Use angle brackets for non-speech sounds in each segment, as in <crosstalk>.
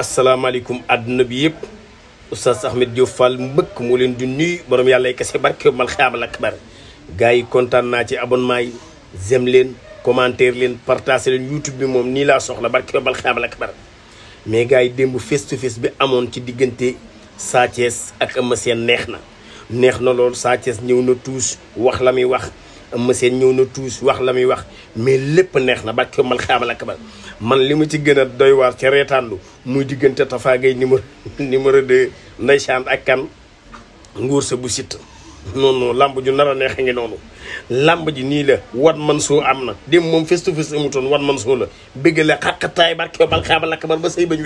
asalaamaaleykum àdduna bi yëpp oustaz Ahmed Diop Fall mbëkk moo leen di nuy borom yàlla yi kese barke mal xiyaamal akbar gars yi kontaan naa ci abonnement yi zem leen commentaire leen partagé leen YouTube bi moom nii laa soxla barke mal xiyaamal akbar mais gars yi démb face to bi amoon ci diggante Sa ak Eumeu Sène neex na neex na loolu Sa ñëw na tuus wax la muy wax Eumeu Sène ñëw na tuus wax la muy wax mais lépp neex na bàcc ko mal xaamal ak ba man li mu ci gën a doy waar ca reetaanlu muy diggante Tafa Gueye numéro <laughs> numéro 2 ndeysaan ak kan nguur sa bu noonu làmb ju nar a neexe ngi noonu làmb ji nii la wan man soo am na dem moom face to face amutoon wan man soo la bëgg la xaqataay barke bal xaaba lakk bar ba sëy bañ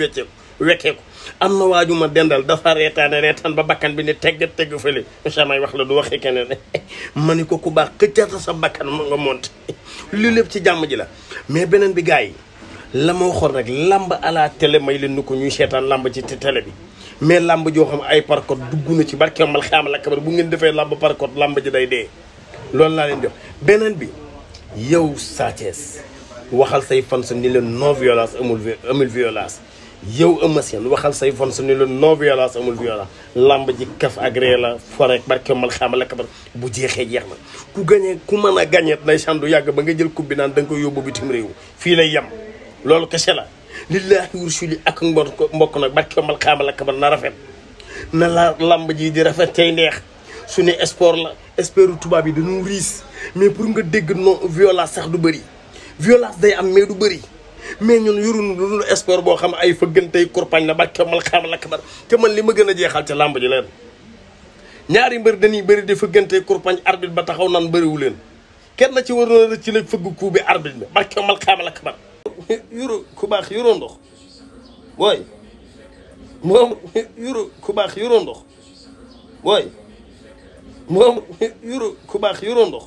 wecceeku ko am na waaju ma dendal dafa reetaane reetaan ba bakkan bi ne tegg tegg fële macha may wax la du waxee keneen <laughs> ma ni ko ku baax xëccata sa bakkan ma nga monte li lépp ci jàmm ji la mais beneen bi gaa yi la ma waxoon rek làmb à la télé may leen nu ko ñuy seetaan làmb ci télé bi mais làmb joo xam ay parcours dugg na ci barke mal xaam la kabar bu ngeen defee làmb parcours làmb ji day dee loolu laa leen jox beneen bi yow Sa Thiès waxal say fan sa ni leen non violence amul amul violence yow Eumeu Sène waxal say fan sa ni leen non violence amul violence làmb ji kaf agré la forek barke mal xaam la bu jeexee jeex na ku gañee ku mën a gañeet nay sandu yàgg ba nga jël coupe bi naan da nga koy yóbbu bitim réew fii lay yem loolu kese la lillaahi wursuli ak ko mbokk nag barki yombal xaamal ak man na rafet na la lamb ji di rafet tey neex su ne sport la sportu tubaab yi danu riis mais pour nga dégg non violence sax du bëri violence day am mais du bëri mais ñun yuru lu dul sport boo xam ay fëggantey kurpañ la barki yombal xaamal ak man te man li ma gën a jeexal ca lamb ji leen ñaari mbër dañuy bëri di fëggante kurpañ arbitre ba taxaw naan bëriwu leen kenn ci war a rëcc la fëgg kuu bi arbitre bi barki yombal yuru ku baax yuroo ndox wooy moom yuru ku baax yuroo ndox wooy yuru ku baax yuroo ndox